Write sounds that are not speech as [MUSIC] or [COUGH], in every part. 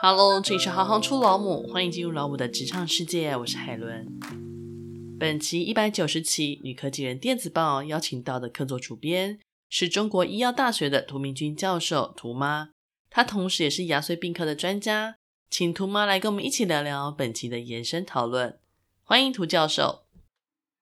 哈嘍，這裡是行行出老母，歡迎進入老母的職場世界，我是海倫。本期一百九十期《女科技人電子報》邀請到的客座主編是中國醫藥大學的涂明君教授，涂媽。她同時也是牙髓病科的專家，請涂媽來跟我們一起聊聊本期的延伸討論。歡迎涂教授。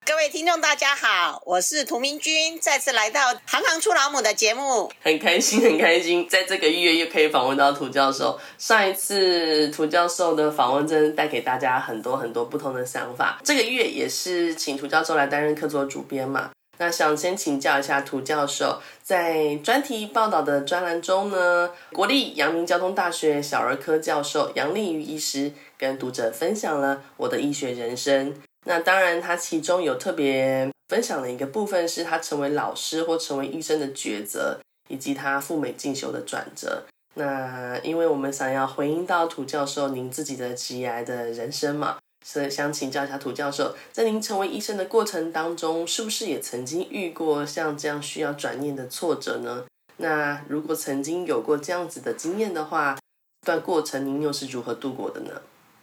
各位聽眾，大家好，我是涂明君，再次來到《行行出老母》的節目，很開心，很開心，在這個月又可以訪問到涂教授。上一次涂教授的訪問真帶給大家很多很多不同的想法。這個月也是請涂教授來擔任客座主編嘛？那想先請教一下涂教授，在專題報道的專欄中呢，國立陽明交通大學小兒科教授楊令瑀醫師跟讀者分享了我的醫學人生。那當然，他其中有特別分享的一個部分是他成為老師或成為醫生的抉擇，以及他赴美進修的轉折。那因為我們想要回應到涂教授您自己的職涯的人生嘛，所以想請教一下涂教授，在您成為醫生的過程當中，是不是也曾經遇過像這樣需要轉念的挫折呢？那如果曾經有過這樣子的經驗的話，這段過程您又是如何度過的呢？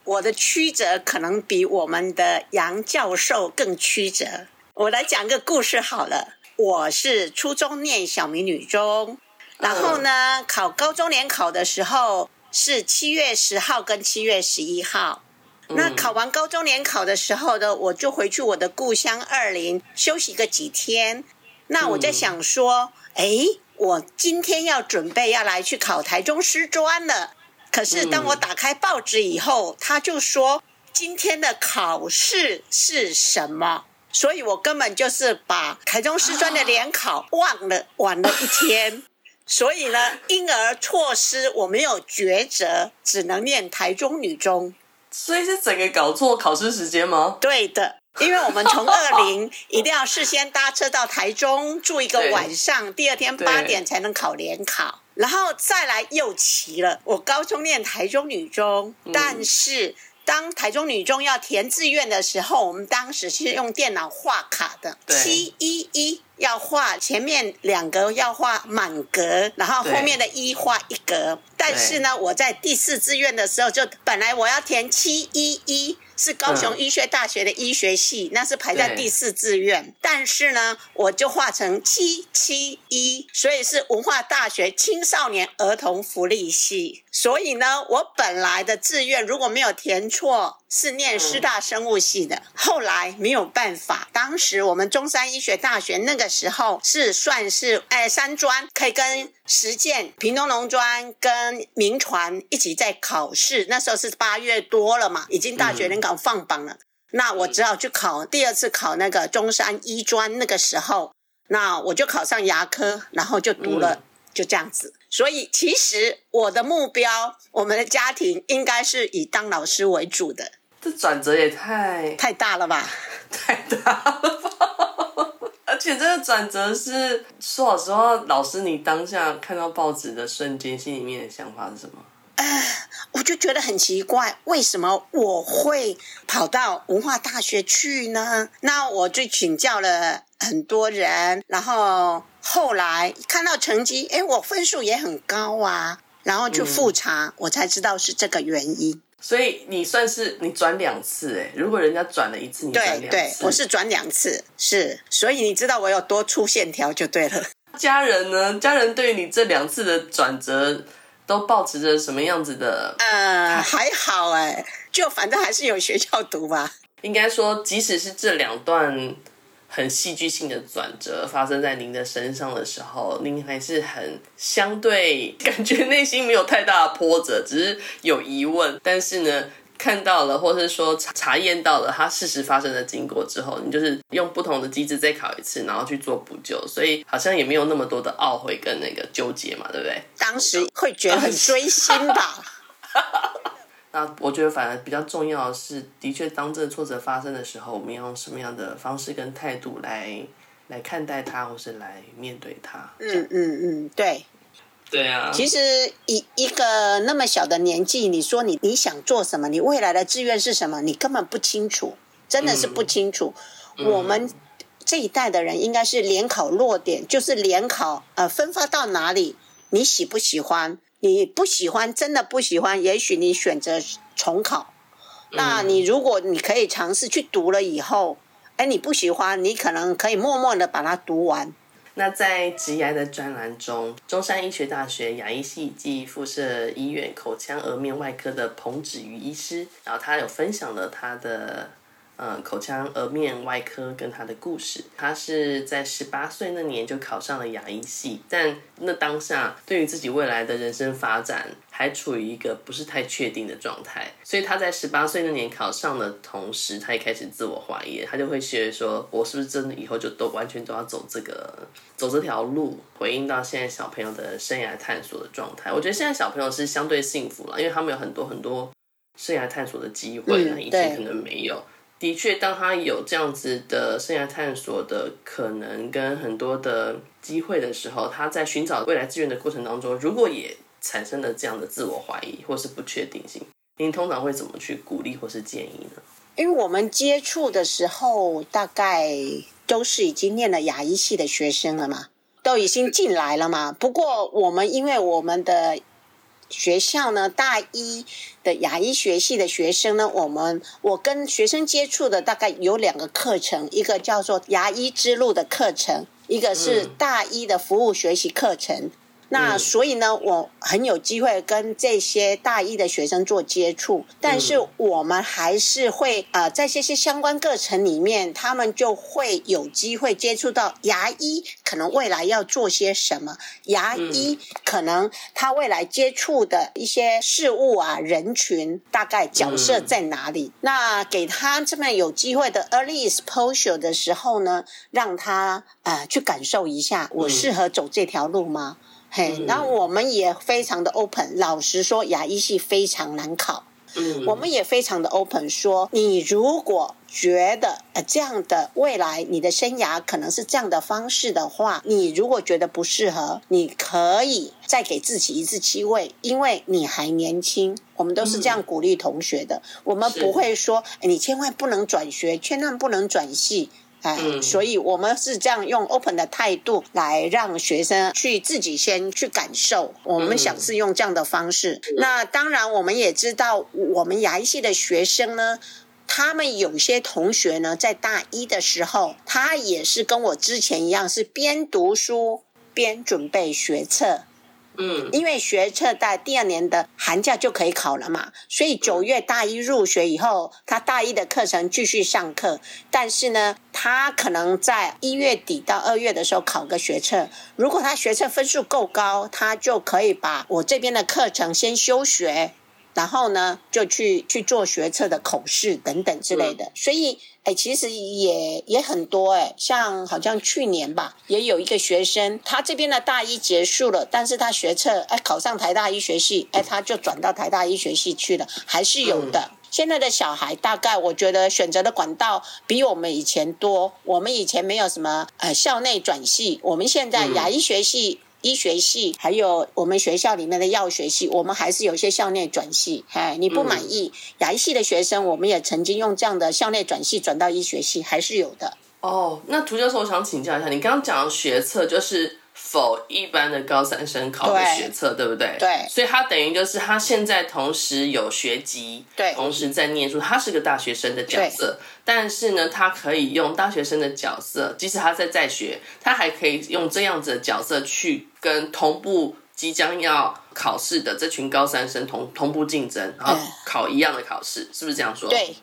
我的曲折可能比我們的楊教授更曲折。我來講個故事好了。我是初中念曉明女中，然後呢，考高中聯考的時候是七月十號跟七月十一號。那考完高中聯考的時候呢，我就回去我的故鄉二林休息個幾天。那我就想說，哎，我今天要準備要來去考台中師專了。可是當我打開報紙以後，嗯、他就說今天的考試是什麼？所以我根本就是把台中師專的聯考忘了，晚了一天。 [LAUGHS] 所以呢，因而錯失，我沒有抉擇，只能念台中女中。所以是整個搞錯考試時間嗎？對的，因為我們從二零一定要事先搭車到台中住一個晚上，第二天八點才能考聯考。然後再來又齊了。我高中念台中女中，嗯、但是當台中女中要填志願的時候，我們當時是用電腦畫卡的，七一一要畫前面兩個要畫滿格，然後後面的一畫一格。對但是呢，我在第四志願的時候，就本來我要填七一一。是高雄醫學大學的醫學系，嗯、那是排在第四志願。對但是呢，我就畫成七七一，所以是文化大學青少年兒童福利系。所以呢，我本來的志願如果沒有填錯。是念師大生物系的，哦、後來沒有辦法，當時我們中山醫學大學那個時候是算是哎三專，可以跟實踐、屏東農專跟銘傳一起在考試，那時候是八月多了嘛，已經大學聯考放榜了，嗯、那我只好去考第二次，考那個中山醫專，那個時候那我就考上牙科，然後就讀了，嗯、就這樣子。所以其實我的目標，我們的家庭應該是以當老師為主的。這轉折也太太大了吧，太大了吧！而且這個轉折是說老實話，老師你當下看到報紙的瞬間，心裡面的想法是什麼？哎、呃，我就覺得很奇怪，為什麼我會跑到文化大學去呢？那我就請教了很多人，然後後來看到成績，哎，我分數也很高啊。然後去複查，嗯、我才知道是這個原因。所以你算是你轉兩次哎，如果人家轉了一次，你轉兩次。對對，我是轉兩次，是。所以你知道我有多粗線條就對了。家人呢？家人對於你這兩次的轉折都抱持著什麼樣子的？呃，還好哎，就反正還是有學校讀吧。應該說，即使是這兩段。很戲劇性的轉折發生在您的身上的時候，您還是很相對感覺內心沒有太大的波折，只是有疑問。但是呢，看到了，或是說查驗到了他事實發生的經過之後，你就是用不同的機制再考一次，然後去做補救，所以好像也沒有那麼多的懊悔跟那個糾結嘛，對不對？當時會覺得很錐心吧。 [LAUGHS] 那我覺得反而比較重要的是，的確，當這個挫折發生的時候，我們要用什麼樣的方式跟態度來來看待它，或是來面對它。嗯嗯嗯，對。對啊。其實一一個那麼小的年紀，你說你你想做什麼，你未來的志願是什麼？你根本不清楚，真的是不清楚。嗯嗯、我們這一代的人應該是聯考落點，就是聯考呃分發到哪裡，你喜不喜歡？你不喜歡，真的不喜歡，也許你選擇重考。嗯、那你如果你可以嘗試去讀了以後，哎，你不喜歡，你可能可以默默的把它讀完。那在植牙的專欄中，中山醫學大學牙醫系暨附設醫院口腔頜面外科的彭芷瑜醫師，然後他有分享了他的。呃、嗯，口腔顎面外科跟他的故事，他是在十八歲那年就考上了牙醫系，但那當下對於自己未來的人生發展還處於一個不是太確定的狀態，所以他在十八歲那年考上的同時，他也開始自我懷疑，他就會學說，我是不是真的以後就都完全都要走這個走這條路？回應到現在小朋友的生涯探索的狀態，我覺得現在小朋友是相對幸福了，因為他們有很多很多生涯探索的機會，那以前、嗯、可能沒有。的確，當他有這樣子的生涯探索的可能跟很多的機會的時候，他在尋找未來志向的過程當中，如果也產生了這樣的自我懷疑或是不確定性，您通常會怎麼去鼓勵或是建議呢？因為我們接觸的時候，大概都是已經念了牙醫系的學生了嘛，都已經進來了嘛。不過我們因為我們的。學校呢，大一的牙醫學系的學生呢，我們，我跟學生接觸的大概有兩個課程，一個叫做牙醫之路的課程，一個是大一的服務學習課程。嗯。那所以呢，嗯、我很有機會跟這些大一的學生做接觸，嗯、但是我們還是會呃，在這些，些相關課程裡面，他們就會有機會接觸到牙醫可能未來要做些什麼，牙醫可能他未來接觸的一些事物啊、人群大概角色在哪裡？嗯、那給他這麼有機會的 early exposure 的時候呢，讓他呃去感受一下，我適合走這條路嗎？嗯嘿，hey，嗯、那我們也非常的 open。老實說，牙醫系非常難考。嗯，我們也非常的 open，說你如果覺得呃這樣的未來，你的生涯可能是這樣的方式的話，你如果覺得不適合，你可以再給自己一次機會，因為你還年輕。我們都是這樣鼓勵同學的。嗯、我們不會說是、哎、你千萬不能轉學，千萬不能轉系。哎，嗯、所以我們是這樣用 open 的態度來讓學生去自己先去感受。我們想是用這樣的方式。那當然，我們也知道，我們牙醫系的學生呢，他們有些同學呢，在大一的時候，他也是跟我之前一樣，是邊讀書邊準備學測。嗯，因為學測在第二年的寒假就可以考了嘛，所以九月大一入學以後，他大一的課程繼續上課，但是呢，他可能在一月底到二月的時候考個學測，如果他學測分數夠高，他就可以把我這邊的課程先休學，然後呢，就去去做學測的口試等等之類的，所以。哎、欸，其實也也很多哎、欸，像好像去年吧，也有一個學生，他這邊的大一結束了，但是他學測哎、欸、考上台大醫學系，哎、欸、他就轉到台大醫學系去了，還是有的。嗯、現在的小孩大概我覺得選擇的管道比我們以前多，我們以前沒有什麼呃校內轉系，我們現在牙醫學系。嗯嗯。醫學系，還有我們學校裡面的藥學系，我們還是有些校內轉系。哎，你不滿意牙醫系的學生，我們也曾經用這樣的校內轉系轉到醫學系，還是有的。哦，oh, 那涂教授，我想請教一下，你剛剛講的學測就是。否，一般的高三生考的學測，對，對不對？對，所以他等於就是他現在同時有學籍，對，同時在念書，他是個大學生的角色。對。但是呢，他可以用大學生的角色，即使他在在學，他還可以用這樣子的角色去跟同步即將要考試的這群高三生同同步競爭，然後考一樣的考試，對。是不是這樣說？對。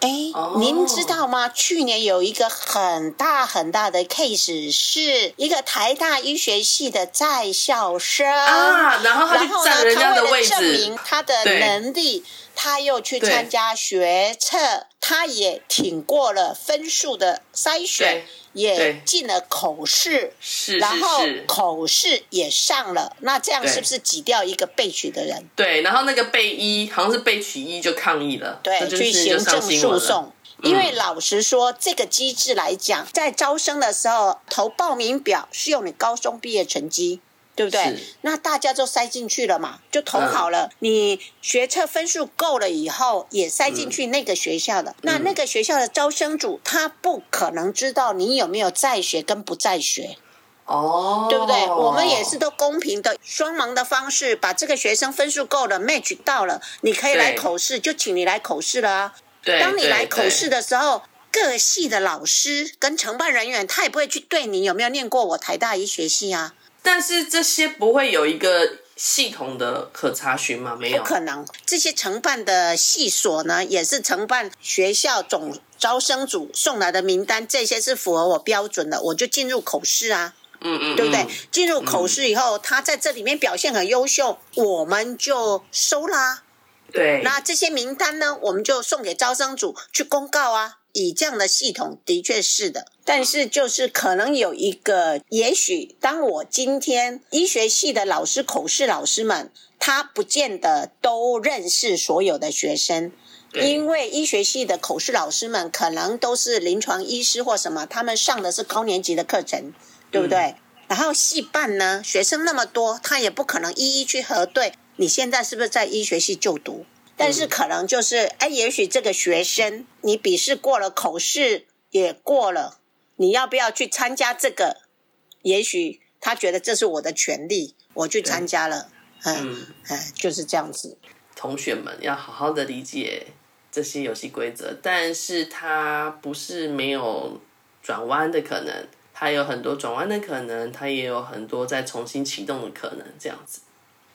哎，誒 oh. 您知道嗎？去年有一個很大很大的 case，是一個台大醫學系的在校生啊，ah, 然後他就站的位置，然後呢，他為了證明他的能力，對他又去參加學測，對他也挺過了分數的篩選。也進了口試，是對，然後口試也上了，是是是。那這樣是不是擠掉一個備取的人？對，然後那個備一，好像是備取一就抗議了，對，去行政訴訟。因為老實說，這個機制來講，嗯，在招生的時候，投報名表是用你高中畢業成績。對不對？是那大家都塞進去了嘛，就投好了。嗯、你學測分數夠了以後，也塞進去那個學校的。嗯、那那個學校的招生組，嗯、他不可能知道你有沒有在學跟不在學。哦，對不對？我們也是都公平的雙盲的方式，把這個學生分數夠了，嗯、match 到了，你可以來口試，對就請你來口試了啊。對，當你來口試的時候，各系的老師跟承辦人員，他也不會去對你有沒有念過我台大醫學系啊。但是這些不會有一個系統的可查詢嗎？沒有，不可能。這些承辦的系所呢，也是承辦學校總招生組送來的名單，這些是符合我標準的，我就進入口試啊。嗯，嗯嗯，對不對？進入口試以後，他在這裡面表現很優秀，嗯、我們就收啦。對。那這些名單呢，我們就送給招生組去公告啊。以這樣的系統，的確是的，但是就是可能有一個，也許當我今天醫學系的老師口試老師們，他不見得都認識所有的學生，嗯、因為醫學系的口試老師們可能都是臨床醫師或什麼，他們上的是高年級的課程，對不對？嗯、然後系辦呢，學生那麼多，他也不可能一一去核對，你現在是不是在醫學系就讀？但是可能就是哎，也許這個學生，你筆試過了，口試也過了，你要不要去參加這個？也許他覺得這是我的權利，我去參加了，對哎、嗯、哎，就是這樣子。同學們要好好的理解這些遊戲規則，但是他不是沒有轉彎的可能，他有很多轉彎的可能，他也有很多再重新啟動的可能，這樣子。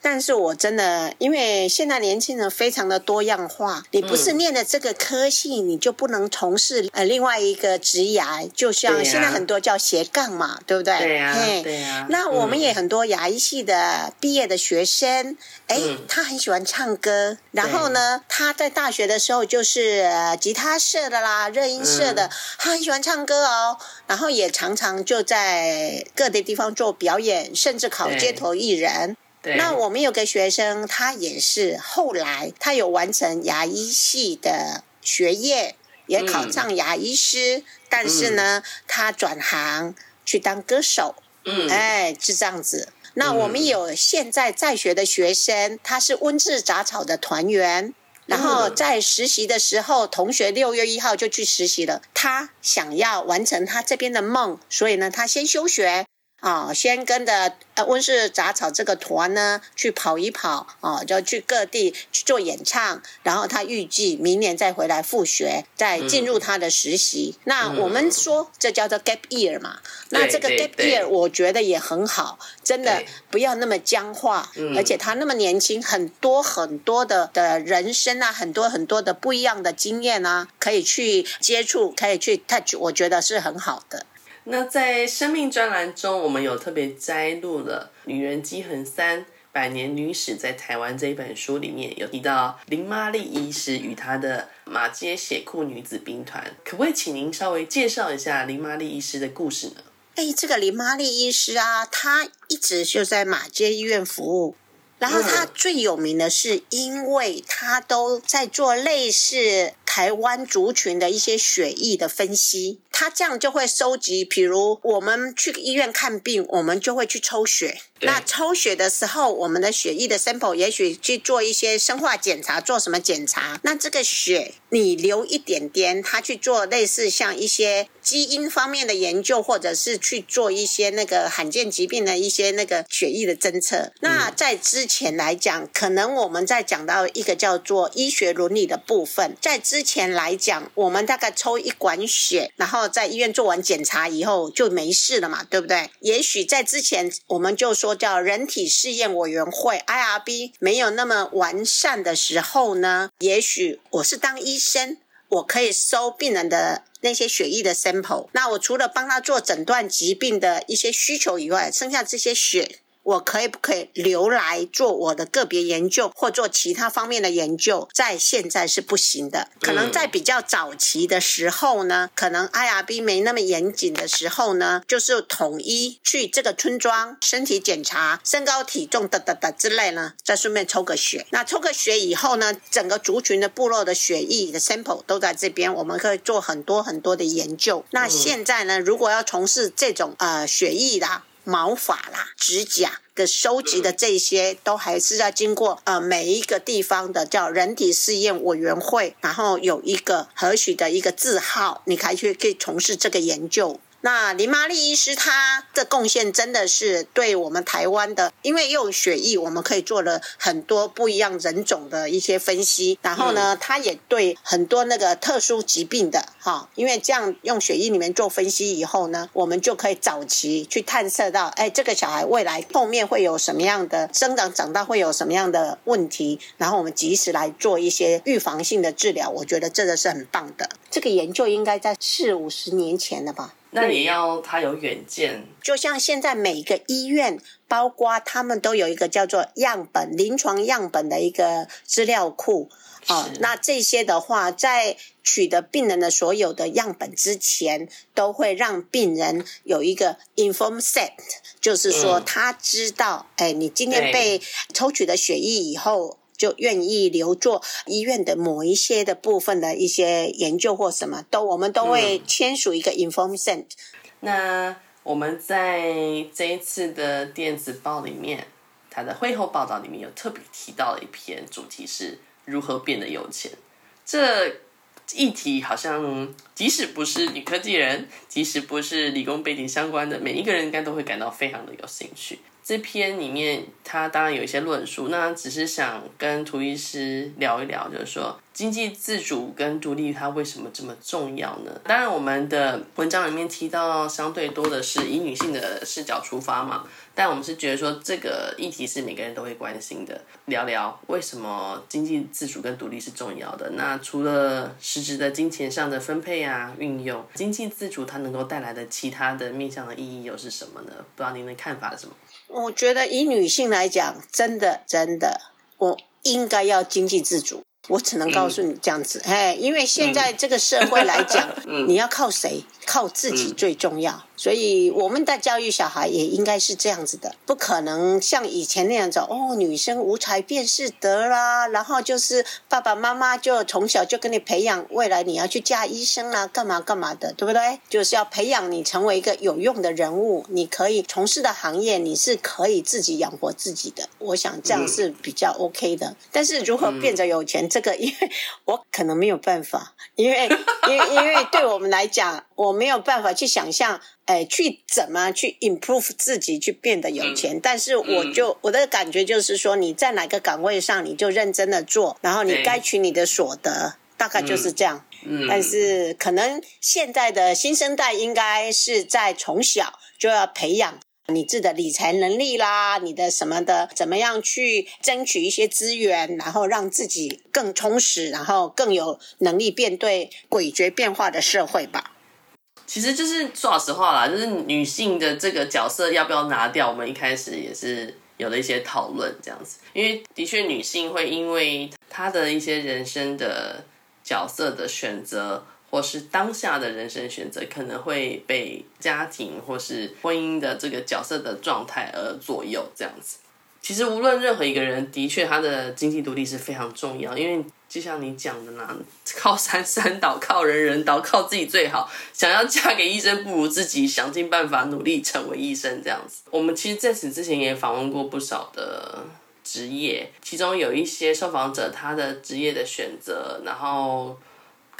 但是我真的，因為現在年輕人非常的多樣化，你不是念的這個科系，你就不能從事呃另外一個職業？就像現在很多叫斜槓嘛，對不對？對呀、啊，對呀。那我們也很多牙醫系的畢業的學生，嗯、誒他很喜歡唱歌，然後呢，對他在大學的時候就是吉他社的啦，熱音社的，嗯、他很喜歡唱歌哦，然後也常常就在各地地方做表演，甚至考街頭藝人。對那我們有個學生，他也是後來他有完成牙醫系的學業，也考上牙醫師，嗯、但是呢，嗯、他轉行去當歌手，嗯、哎，是這樣子。那我們有現在在學的學生，他是溫室雜草的團員，然後在實習的時候，嗯、同學六月一號就去實習了，他想要完成他這邊的夢，所以呢，他先休學。啊，先跟着呃溫室雜草這個團呢去跑一跑啊，就去各地去做演唱。然後他預計明年再回來復學，再進入他的實習。那我們說這叫做 gap year 嘛？那這個 gap year，我覺得也很好，真的不要那麼僵化。而且他那麼年輕，很多很多的的人生啊，很多很多的不一樣的經驗啊，可以去接觸，可以去 touch，我覺得是很好的。那在生命專欄中，我們有特別摘錄了《女人屐痕3：百年女史在台灣》這一本書，裡面有提到林媽利醫師與她的馬偕血庫女子兵團。可不可以請您稍微介紹一下林媽利醫師的故事呢？哎、欸，這個林媽利醫師啊，她一直就在馬偕醫院服務，然後她最有名的是因為她都在做類似台灣族群的一些血液的分析。他這樣就會收集，比如，我們去醫院看病，我們就會去抽血。對那抽血的時候，我們的血液的 sample 也許去做一些生化檢查，做什麼檢查？那這個血你留一點點，他去做類似像一些基因方面的研究，或者是去做一些那個罕見疾病的一些那個血液的偵測。嗯、那在之前來講，可能我們在講到一個叫做醫學倫理的部分。在之前來講，我們大概抽一管血，然後。在醫院做完檢查以後就沒事了嘛，對不對？也許在之前我們就說叫人體試驗委員會 （IRB） 沒有那麼完善的時候呢，也許我是當醫生，我可以收病人的那些血液的 sample。那我除了幫他做診斷疾病的一些需求以外，剩下這些血。我可以不可以留來做我的個別研究或做其他方面的研究？在現在是不行的，可能在比較早期的時候呢，可能 IRB 沒那麼嚴謹的時候呢，就是統一去這個村莊身體檢查身高體重噠噠噠之類呢，再順便抽個血。那抽個血以後呢，整個族群的部落的血液的 sample 都在這邊，我們可以做很多很多的研究。那現在呢，如果要從事這種呃血液的、啊。毛髮啦、指甲的收集的這些，都還是要經過呃每一個地方的叫人體試驗委員會，然後有一個合許的一個字號，你才去可以從事這個研究。那林媽利醫師，他的貢獻真的是對我們台灣的，因為用血液，我們可以做了很多不一樣人種的一些分析。然後呢，他也對很多那個特殊疾病的哈，因為這樣用血液裡面做分析以後呢，我們就可以早期去探測到，哎，這個小孩未來後面會有什麼樣的生長長大，會有什麼樣的問題，然後我們及時來做一些預防性的治療。我覺得這個是很棒的。這個研究應該在四五十年前了吧？那你要他有遠見，啊，就像現在每個醫院，包括他們都有一個叫做樣本臨床樣本的一個資料庫啊，是、哦。那這些的話，在取得病人的所有的樣本之前，都會讓病人有一個 informed consent，就是說他知道，哎、嗯欸，你今天被抽取的血液以後。就願意留作醫院的某一些的部分的一些研究或什麼都，我們都會簽署一個 informed consent。那我們在這一次的電子報裡面，它的會後報道裡面有特別提到的一篇，主題是如何變得有錢。這議題好像即使不是女科技人，即使不是理工背景相關的，每一個人應該都會感到非常的有興趣。這篇裡面，它當然有一些論述，那只是想跟涂醫師聊一聊，就是說經濟自主跟獨立，它為什麼這麼重要呢？當然，我們的文章裡面提到相對多的是以女性的視角出發嘛，但我們是覺得說這個議題是每個人都會關心的。聊聊為什麼經濟自主跟獨立是重要的？那除了實質的金錢上的分配啊、運用，經濟自主它能夠帶來的其他的面向的意義又是什麼呢？不知道您的看法是什麼？我覺得以女性來講，真的真的，我應該要經濟自主。我只能告訴你這樣子，嗯、嘿，因為現在這個社會來講，嗯 [LAUGHS] 嗯、你要靠誰？靠自己最重要。嗯所以我們在教育小孩也應該是這樣子的，不可能像以前那樣子哦，女生無才便是德啦。然後就是爸爸媽媽就從小就跟你培養，未來你要去嫁醫生啊，幹嘛幹嘛的，對不對？就是要培養你成為一個有用的人物，你可以從事的行業，你是可以自己養活自己的。我想這樣是比較 OK 的。但是如何變得有錢，這個因為我可能沒有辦法，因為因為因為對我們來講。 [LAUGHS] 我沒有辦法去想象，哎，去怎麼去 improve 自己，去變得有錢。嗯、但是我就、嗯、我的感覺就是說，你在哪個崗位上，你就認真的做，然後你該取你的所得，嗯、大概就是這樣。嗯嗯、但是可能現在的新生代應該是在從小就要培養你自己的理財能力啦，你的什麼的，怎麼樣去爭取一些資源，然後讓自己更充實，然後更有能力面對詭譎變化的社會吧。其實就是說老實話啦，就是女性的這個角色要不要拿掉，我們一開始也是有了一些討論這樣子。因為的確女性會因為她的一些人生的角色的選擇，或是當下的人生選擇，可能會被家庭或是婚姻的這個角色的狀態而左右這樣子。其實，無論任何一個人，的確，他的經濟獨立是非常重要。因為就像你講的啦，靠山山倒，靠人人倒，靠自己最好。想要嫁給醫生，不如自己想盡辦法努力成為醫生這樣子。我們其實在此之前也訪問過不少的職業，其中有一些受訪者他的職業的選擇，然後。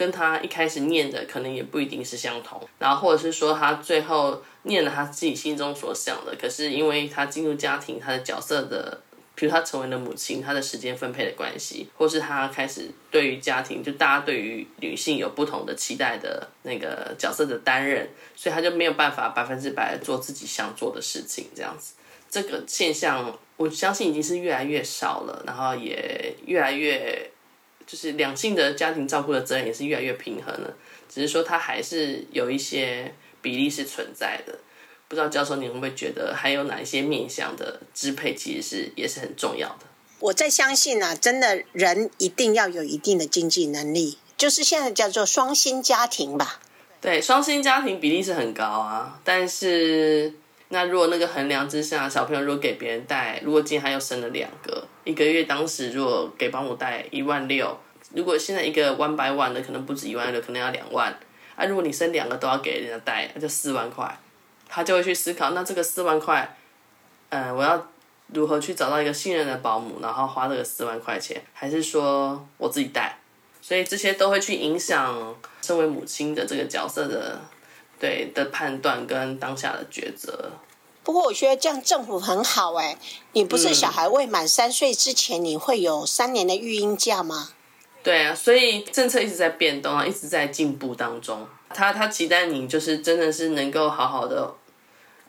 跟他一開始念的可能也不一定是相同，然後或者是說他最後念了他自己心中所想的，可是因為他進入家庭，他的角色的，譬如他成為了母親，他的時間分配的關係，或是他開始對於家庭，就大家對於女性有不同的期待的那個角色的擔任，所以他就沒有辦法百分之百做自己想做的事情，這樣子。這個現象我相信已經是越來越少了，然後也越來越，就是兩性的家庭照顧的責任也是越來越平衡了，只是說它還是有一些比例是存在的。不知道教授您會不會覺得還有哪一些面向的支配其實是也是很重要的？我在相信啊，真的人一定要有一定的經濟能力，就是現在叫做雙薪家庭吧。對，雙薪家庭比例是很高啊，但是。那如果那個衡量之下，小朋友如果給別人帶，如果今天還又生了兩個，一個月當時如果給保姆帶一萬六，如果現在一個 one 百萬的可能不止一萬六，可能要兩萬。那、啊、如果你生兩個都要給人家帶，那就四萬塊，他就會去思考，那這個四萬塊，嗯、呃，我要如何去找到一個信任的保姆，然後花這個四萬塊錢，還是說我自己帶？所以這些都會去影響身為母親的這個角色的，對的判斷跟當下的抉擇。不過我覺得這樣政府很好哎、欸，你不是小孩未滿三歲之前你會有三年的育嬰假嗎？嗯、對啊，所以政策一直在變動啊，一直在進步當中。他他期待你就是真的是能夠好好的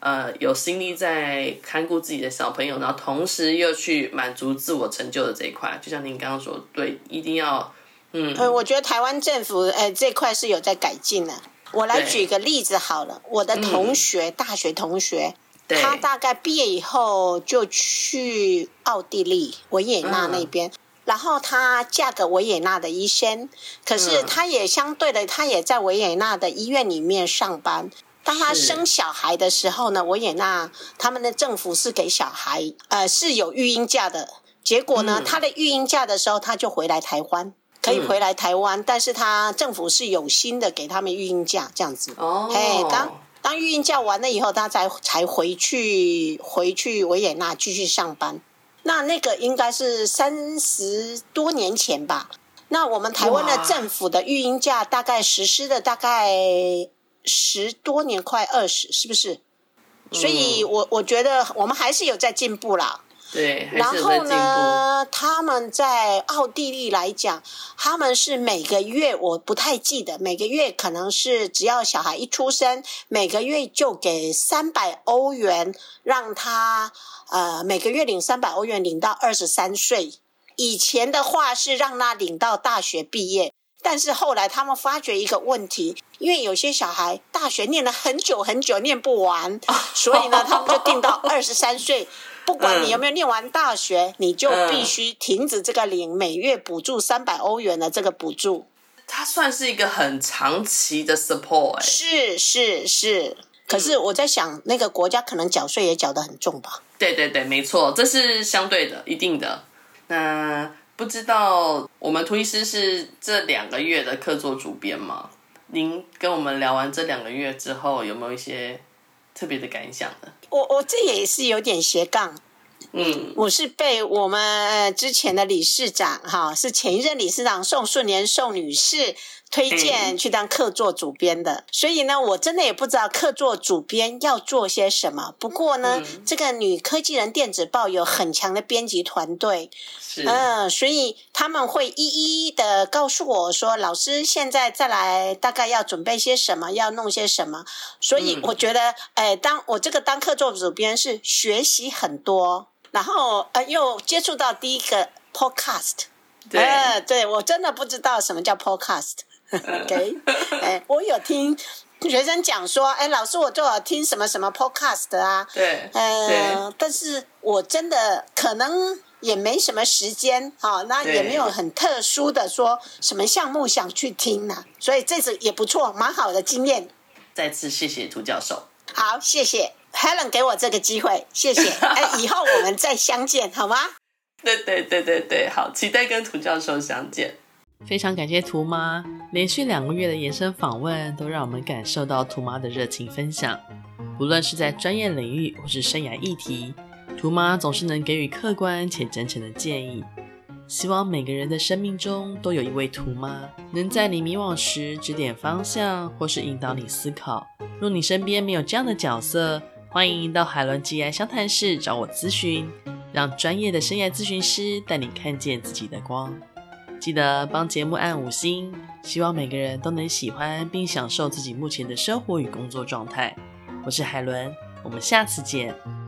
呃有心力在看顧自己的小朋友，然後同時又去滿足自我成就的這一塊。就像您剛剛說，對，一定要嗯，嗯，我覺得台灣政府哎、呃、這一塊是有在改進的、啊。我來舉個例子好了，對我的同學，嗯、大學同學，對他大概畢業以後就去奧地利維也納那邊，嗯、然後他嫁給維也納的醫生，可是他也相對的，嗯、他也在維也納的醫院裡面上班。當他生小孩的時候呢，維也納他們的政府是給小孩呃是有育嬰假的，結果呢，嗯、他的育嬰假的時候他就回來台灣。可以回來台灣，但是他政府是有心的給他們育嬰假這樣子，嘿、oh. hey，當當育嬰假完了以後，他才才回去回去維也納繼續上班。那那個應該是三十多年前吧？那我們台灣的政府的育嬰假大概實施的大概十多年，快二十，是不是？Mm hmm. 所以我，我我覺得我們還是有在進步啦。對，然後呢，他們在奧地利來講，他們是每個月我不太記得，每個月可能是只要小孩一出生，每個月就給三百歐元，讓他，呃，每個月領三百歐元，領到二十三歲。以前的話是讓他領到大學畢業，但是後來他們發覺一個問題，因為有些小孩大學唸了很久很久唸不完， [LAUGHS] 所以呢，他們就定到二十三歲。 [LAUGHS] 不管你有沒有念完大學，你就必須停止這個領每月補助三百歐元的這個補助。它算是一個很長期的 support 欸。是是是，嗯，可是我在想，那個國家可能繳稅也繳得很重吧？對對對，沒錯，這是相對的，一定的。那不知道我們涂醫師是這兩個月的客座主編嗎？您跟我們聊完這兩個月之後，有沒有一些？特別的感想呢？我我這也是有點斜槓，嗯，我是被我們之前的理事長哈，是前一任理事長宋順年、宋女士。推薦去當客座主編的，嗯、所以呢，我真的也不知道客座主編要做些什麼。不過呢，嗯、這個女科技人電子報有很強的編輯團隊，嗯是、呃，所以他們會一一,一的告訴我說：“老師，現在再來，大概要準備些什麼，要弄些什麼。”所以我覺得，哎、嗯呃，當我這個當客座主編是學習很多，然後、呃、又接觸到第一個 podcast，哎對、呃，對，我真的不知道什麼叫 podcast。給、 [LAUGHS] okay. 哎，我有聽學生講說，哎，老師，我都有聽什麼什麼 podcast 啊？對，嗯、呃，對但是我真的可能也沒什麼時間，哈、哦，那也沒有很特殊的說什麼項目想去聽呢、啊，所以這次也不錯，蠻好的經驗。再次謝謝涂教授，好，謝謝 Helen 給我這個機會，謝謝， [LAUGHS] 哎，以後我們再相見，好嗎？對對對對對，好，期待跟涂教授相見。非常感謝涂媽，連續兩個月的延伸訪問都讓我們感受到涂媽的熱情分享。無論是在專業領域或是生涯議題，涂媽總是能給予客觀且真誠的建議。希望每個人的生命中都有一位涂媽，能在你迷惘時指點方向，或是引導你思考。若你身邊沒有這樣的角色，歡迎到海倫吉愛相談室找我諮詢，讓專業的生涯諮詢師帶你看見自己的光。記得幫節目按五星，希望每個人都能喜歡並享受自己目前的生活與工作狀態。我是海倫，我們下次見。